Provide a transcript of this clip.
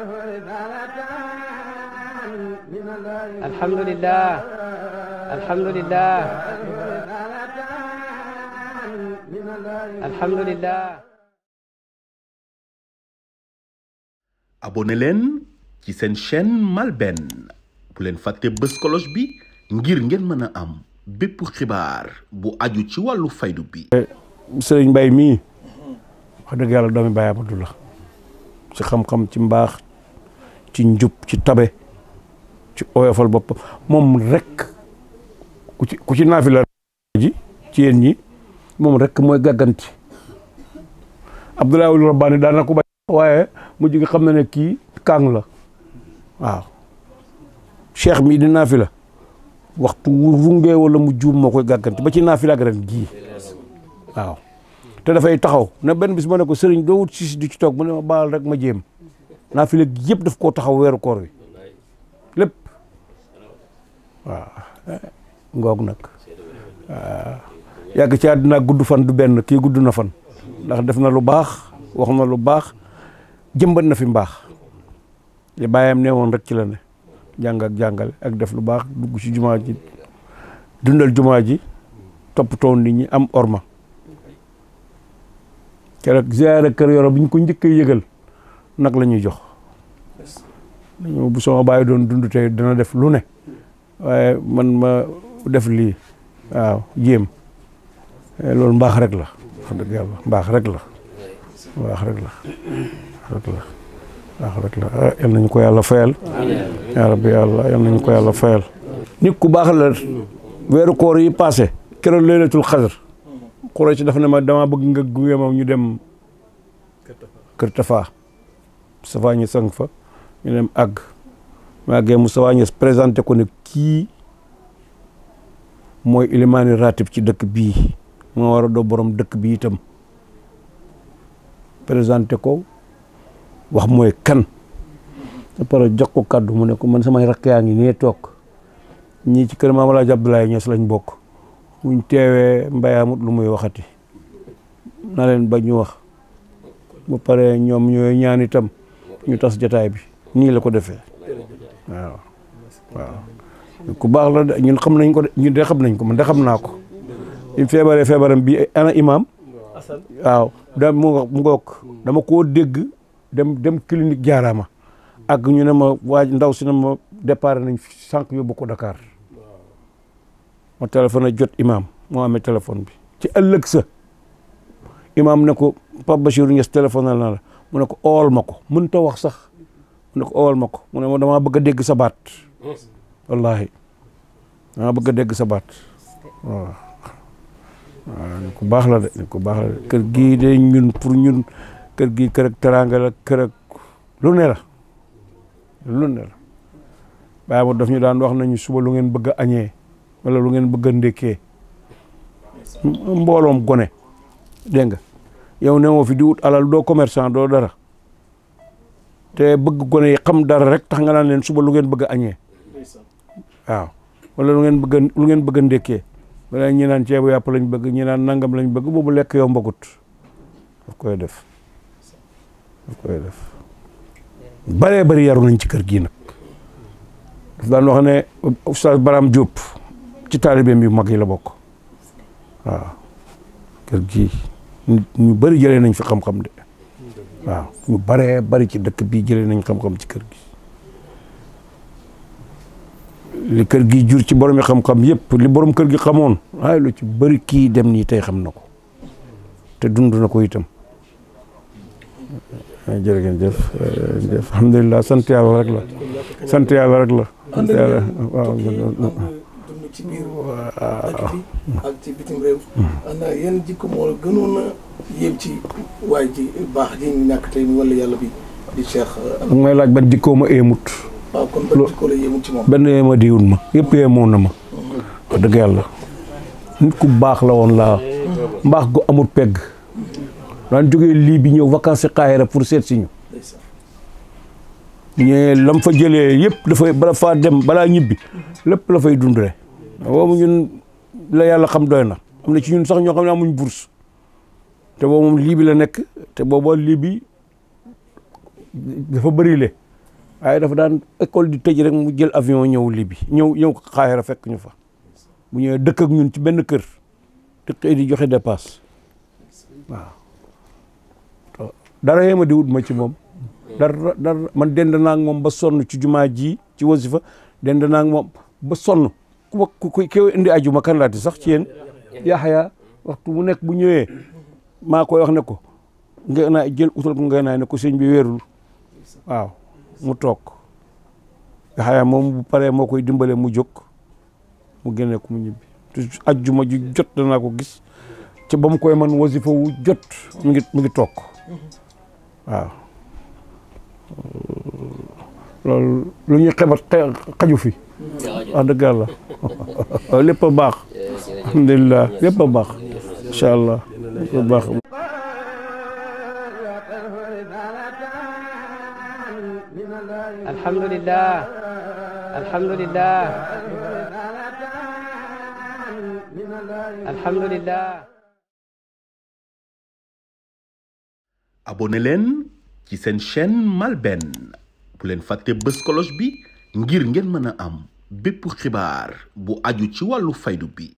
alhamdulilah alhamdulilah alhamdulilah. abonné leen ci seen chaîne MALBN bu leen fàtte bës cloche bi ngir ngeen mën a am bépp xibaar bu aju ci wàllu faydu bi. Eh, sëriñ Mbaye mii wax dëgg yàlla doomi Baye Abdou la ci xam-xam ci mbaax. ci njub ci tabe ci oyofal bopp moom rek ku ci ku ci naafila ji ci yéen ñi moom rek mooy gàgganti Abdoulaye Wulu Rabbaani daan na ko bañ waaye mujj gi xam na ne kii kàng la waaw cheikh mii di naafila waxtu wu rungee wala mu juum moo koy gàgganti ba ci naafila ak ren gii waaw te dafay taxaw na benn bis ma ne ko sëriñ doo wut si di ci toog mu ne baal rek ma jéem naafile yëpp daf koo taxaw weeru koor wi lépp waaw ngoog nag waaw yàgg ci àddina gudd fan du benn kii gudd na fan ndax def na lu baax wax na lu baax jëmbat na fi mbaax li bàyyam ne woon rek ci la ne jàng ak jàngale ak def lu baax dugg ci jumaa ji dundal jumaa ji toppatoo nit ñi am orma keroog ziyaara kër yoro bi ñu ko njëkk a yëgal nag la ñuy jox dañoo bu sama bàyyi doon dund dana def lu ne man ma def lii waaw eh, loolu mbaax rek la wax yàlla mbaax rek la mbaax rek la rek la mbaax rek la eh, yal nañu ko yàlla fayal yaa rabbi yàlla yal nañu ko yàlla fayal nit ku baax la weeru koor yi passé keroog laylatul xadr Quraysh dafa ne ma dama bëgg nga gunge ma ñu dem kër Tafa Moustapha Niasse a fa ñu dem àgg mu àggee Moustapha présenté ko ne kii mooy ilimaani ratib ci dëkk bii moo war a doo borom dëkk bi itam présenté ko wax mooy kan ba pare jox ko kàddu mu ne ko man samay rakk yaa ngi nee toog ñii ci kër Maam Alaaji Abdoulaye Niass lañ bokk buñ teewee mbayaamut lu muy waxati na leen ba ñu wax ba pare ñoom ñooy ñaan tam ñu tas jataay bi ni la ko defee waaw baax la ñun xam nañ ko ñun nañ ko man de xam naa ko im feebaree feebaram bi eh, ana imaam waaw da mu ngoog dama koo dégg dem dem clinique jaaraama ak ñu ne ma waaj ndaw si ne ma départ nañ sànq yóbbu ko Dakar ma téléphone jot imaam moo amee téléphone bi ci ëllëg sa imaam ne ko Pape Bachirou Niass téléphone na la mu ne ko ool ma ko mënut a wax sax mu ne ko ool ma ko mu ne ma damaa bëgg a dégg sa baat wallaahi damaa bëgg a dégg sa baat waaw baax la de ku baax la de kër gii de ñun pour ñun kër gii kër ak kër lu ne la lu ne la bàyyi ma daf ñu daan wax nañu suba lu ngeen bëgg a añee wala lu ngeen bëgg a ndékkee mbooloom gone dégg nga yow ne woo fi di wut alal doo commercant doo dara te bëgg gone yi xam dara rek tax nga naan leen suba lu ngeen bëgg a añee waaw wala lu ngeen bëgg lu ngeen bëgg a ndékkee wala ñi naan ceebu yàpp lañ bëgg ñi naan nangam lañ bëgg boobu lekk yow mbagut daf koy def daf koy nañ ci kër gii nag daf daan wax ne oustaz Baram Diop ci taalibeem yu mag yi la bokk waaw kër ñu bari jëlee nañ fi xam-xam de waaw ñu baree bari ci dëkk bii jëlee nañ xam-xam ci kër gi li kër gi jur ci borom yi xam-xam yëpp li borom kër gi xamoon ay lu ci bëri kii dem nii tey xam na ko te dund na ko itam jërëjëf jërëjëf alhamdulilah sant la sant yàlla la ak fii ak ci bitim hmm. euh, laaj ban jikkoo ma éemut waaw kon benn yéema ma yëpp yéemoon na ma hmm. dëgg yàlla nit ku baax la woon laa hmm. mbaax gu amut pegg daan jóge lii bi ñëw vacances Kaahira pour seet si ñu ñee lam fa jëlee yëpp dafay bala faa dem balaa ñibbi lépp la fay dundale boobu ñun la yàlla xam doy na am na ci ñun sax ñoo xam ne amuñ bourse te boobu moom lii bi la nekk te booba lii bi dafa bëri le waaye dafa daan école di tëj rek mu jël avion ñëw lii bi ñëw ñëw Xaahira fekk ñu fa mu ñëwee dëkk ak ñun ci benn kër te xëy di joxe dépasse waaw dara yéema di wut ma ci moom dara man dend naa moom ba sonn ci jumaa ji ci wasifa dend naa ak moom ba sonn ku ku ku indi ajuma kan laati sax ci yéen Yaxya waxtu mu nekk bu ñëwee maa ko wax ne ko nga jël utal ko nga naa ne ko sëñ bi wéerul waaw mu toog Yaxya moom bu paree moo koy dimbalee mu jóg mu génne ko mu ñibbi te ajuma ju jot danaa ko gis ci ba mu koy man wasifa wu jot mu ngi mu ngi toog waaw loolu lu ñuy xebat xaju fi wax dëgg yàlla lépp a baax alhamdulilah lépp a baax incha allah lépp a baax alhamdulilah alhamdulilah alhamdulilah abonné leen ci seen chaîne MALBN bu leen fàtte bës cloche bi ngir ngeen mën a am bépp xibaar bu aju ci wàllu faydu bi